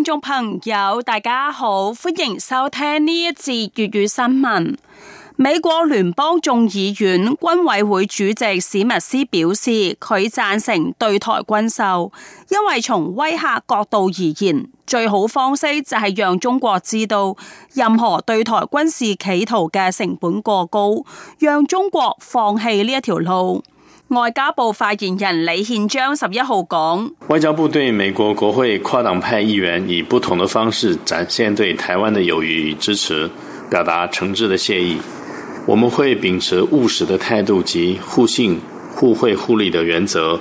聽眾朋友，大家好，歡迎收聽呢一節粵語新聞。美國聯邦眾議院軍委會主席史密斯表示，佢贊成對台軍售，因為從威嚇角度而言，最好方式就係讓中國知道任何對台軍事企圖嘅成本過高，讓中國放棄呢一條路。外交部發言人李憲章十一號講：外交部對美國國會跨黨派議員以不同的方式展現對台灣的友誼與支持，表達誠摯的謝意。我們會秉持務實的態度及互信、互惠、互利的原則，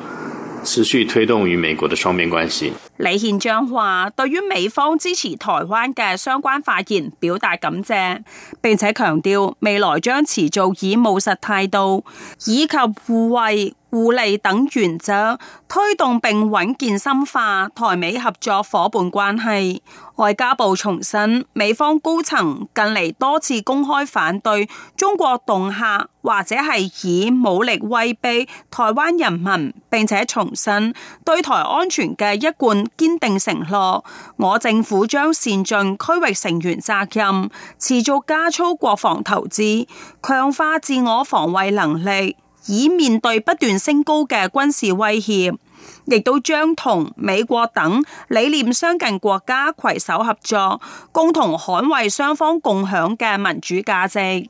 持續推動與美國的雙邊關係。李憲章話：對於美方支持台灣嘅相關發言，表達感謝，並且強調未來將持續以務實態度，以及互惠互利等原則，推動並穩健深化台美合作夥伴關係。外交部重申，美方高層近嚟多次公開反對中國恫嚇，或者係以武力威逼台灣人民，並且重申對台安全嘅一貫。堅定承諾，我政府將善盡區域成員責任，持續加粗國防投資，強化自我防衛能力，以面對不斷升高嘅軍事威脅。亦都將同美國等理念相近國家携手合作，共同捍衛雙方共享嘅民主價值。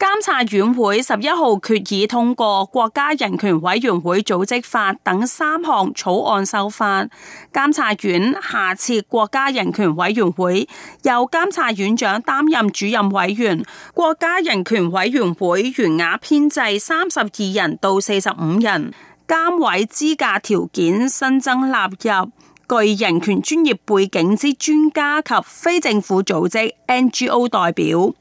監察院會十一號決議通過《國家人權委員會組織法》等三項草案修法。監察院下設國家人權委員會，由監察院長擔任主任委員。國家人權委員會員額編制三十二人到四十五人。監委資格條件新增納入具人權專業背景之專家及非政府組織 NGO 代表。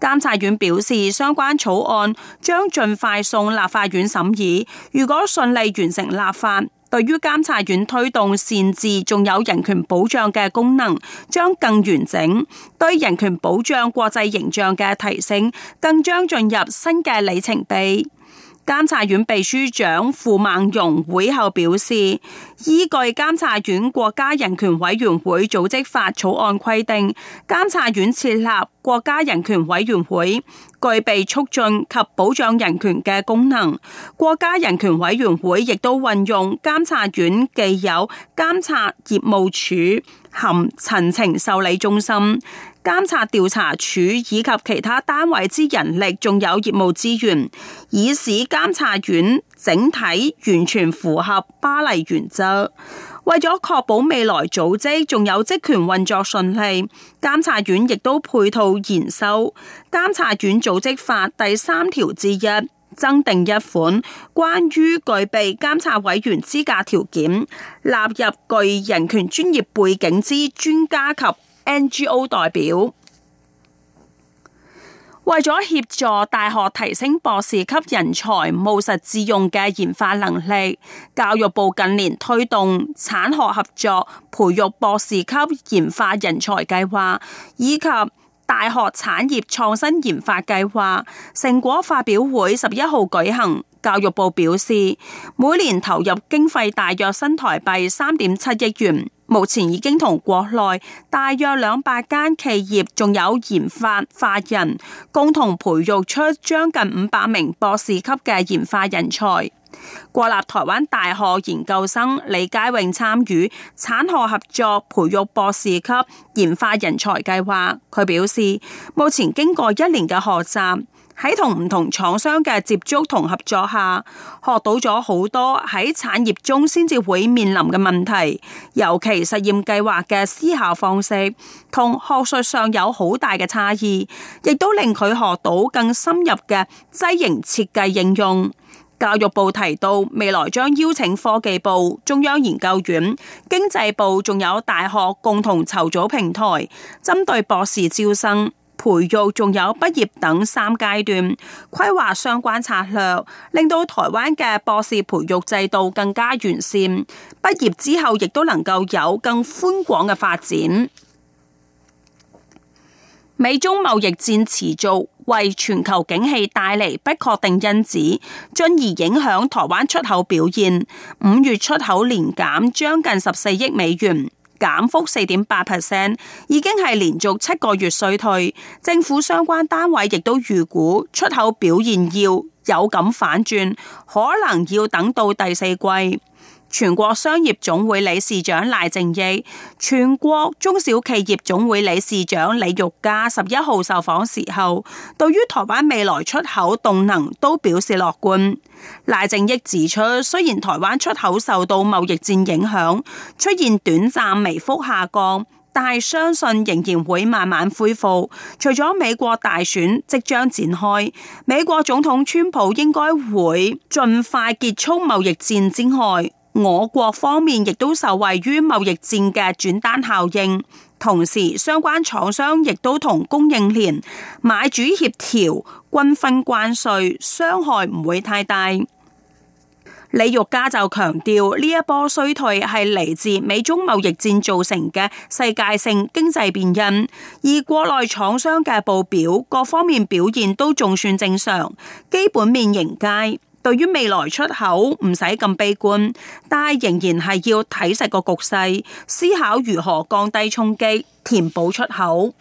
監察院表示，相關草案將盡快送立法院審議。如果順利完成立法，對於監察院推動善治仲有人權保障嘅功能，將更完整；對人權保障國際形象嘅提升，更將進入新嘅里程碑。監察院秘書長傅孟融會後表示，依據監察院國家人權委員會組織法草案規定，監察院設立國家人權委員會，具備促進及保障人權嘅功能。國家人權委員會亦都運用監察院既有監察業務處含陳情受理中心、監察調查處以及其他單位之人力，仲有業務資源，以使監察院整體完全符合巴黎原則。為咗確保未來組織仲有職權運作順利，監察院亦都配套研修《監察院組織法》第三條之一，增訂一款，關於具備監察委員資格條件，納入具人權專業背景之專家及。NGO 代表為咗協助大學提升博士級人才務實致用嘅研發能力，教育部近年推動產學合作培育博士級研發人才計劃以及大學產業創新研發計劃成果發表會，十一號舉行。教育部表示，每年投入經費大約新台幣三點七億元。目前已經同國內大約兩百間企業，仲有研發法人共同培育出將近五百名博士級嘅研發人才。國立台灣大學研究生李佳穎參與產學合作培育博士級研發人才計劃，佢表示，目前經過一年嘅學習。喺同唔同廠商嘅接觸同合作下，學到咗好多喺產業中先至會面臨嘅問題，尤其實驗計劃嘅思考方式同學術上有好大嘅差異，亦都令佢學到更深入嘅機型設計應用。教育部提到，未來將邀請科技部、中央研究院、經濟部仲有大學共同籌組平台，針對博士招生，培育仲有畢業等三階段規劃相關策略，令到台灣嘅博士培育制度更加完善，畢業之後亦都能夠有更寬廣嘅發展。美中貿易戰持續，為全球景氣帶嚟不確定因子，進而影響台灣出口表現。五月出口年減將近十四億美元，減幅四點八 percent，已經係連續七個月衰退。政府相關單位亦都預估出口表現要有咁反轉，可能要等到第四季。全國商業總會理事長賴正義、全國中小企業總會理事長李玉嘉十一號受訪時候，對於台灣未來出口動能都表示樂觀。賴正義指出，雖然台灣出口受到貿易戰影響，出現短暫微幅下降，但係相信仍然會慢慢恢復。除咗美國大選即將展開，美國總統川普應該會盡快結束貿易戰之外。我國方面亦都受惠於貿易戰嘅轉單效應，同時相關廠商亦都同供應鏈買主協調均分關稅，傷害唔會太大。李玉嘉就強調，呢一波衰退係嚟自美中貿易戰造成嘅世界性經濟變因，而國內廠商嘅報表各方面表現都仲算正常，基本面仍佳。對於未來出口唔使咁悲觀，但係仍然係要睇實個局勢，思考如何降低衝擊、填補出口。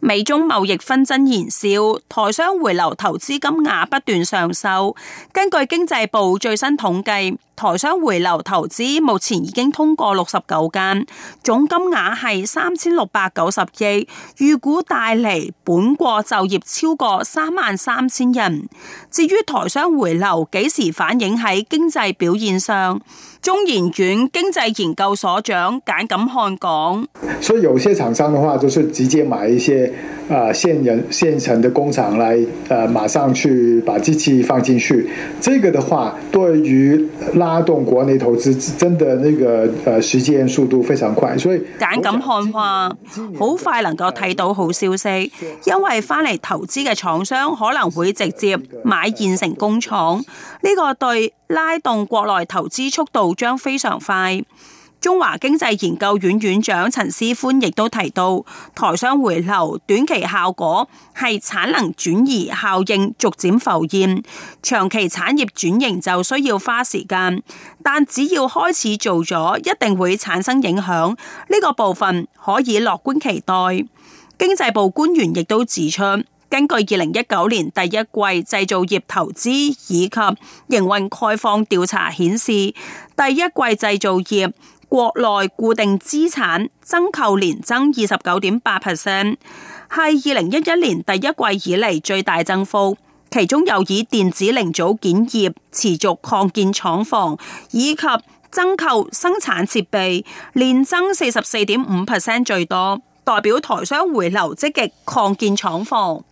美中貿易紛爭延燒，台商回流投資金額不斷上修。根據經濟部最新統計，台商回流投資目前已經通過六十九間，總金額係三千六百九十億，預估帶嚟本國就業超過三萬三千人。至於台商回流幾時反映喺經濟表現上？中研院經濟研究所長簡錦漢講：，所以有些廠商的話，就是直接買一些。啊，現人現成的工廠來，呃、啊，馬上去把機器放進去。這個的話，對於拉動國內投資，真的那個，呃，時間速度非常快。所以簡錦漢話，好快能夠睇到好消息，因爲翻嚟投資嘅廠商可能會直接買現成工廠，呢、這個對拉動國內投資速度將非常快。中華經濟研究院院長陳思寬亦都提到，台商回流短期效果係產能轉移效應逐漸浮現，長期產業轉型就需要花時間，但只要開始做咗，一定會產生影響。呢、這個部分可以樂觀期待。經濟部官員亦都指出，根據二零一九年第一季製造業投資以及營運概況調查顯示，第一季製造業。國內固定資產增購年增二十九點八 percent，係二零一一年第一季以嚟，最大增幅。其中又以電子零組件業持續擴建廠房以及增購生產設備，年增四十四點五 percent 最多，代表台商回流積極擴建廠房。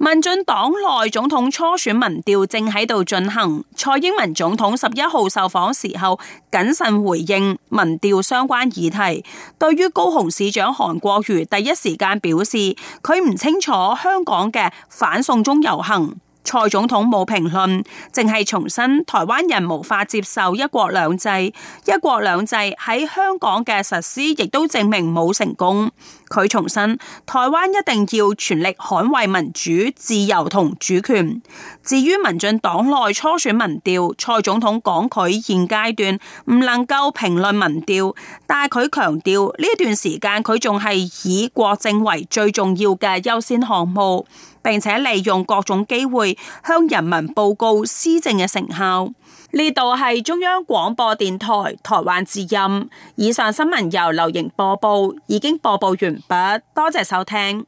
民進黨內總統初選民調正喺度進行，蔡英文總統十一號受訪時候謹慎回應民調相關議題。對於高雄市長韓國瑜第一時間表示，佢唔清楚香港嘅反送中遊行，蔡總統冇評論，淨係重申台灣人無法接受一國兩制，一國兩制喺香港嘅實施亦都證明冇成功。佢重申，台灣一定要全力捍衛民主、自由同主權。至於民進黨內初選民調，蔡總統講佢現階段唔能夠評論民調，但佢強調呢段時間佢仲係以國政為最重要嘅優先項目，並且利用各種機會向人民報告施政嘅成效。呢度係中央廣播電台台灣之音。以上新聞由劉瑩播報，已經播報完畢。多謝收聽。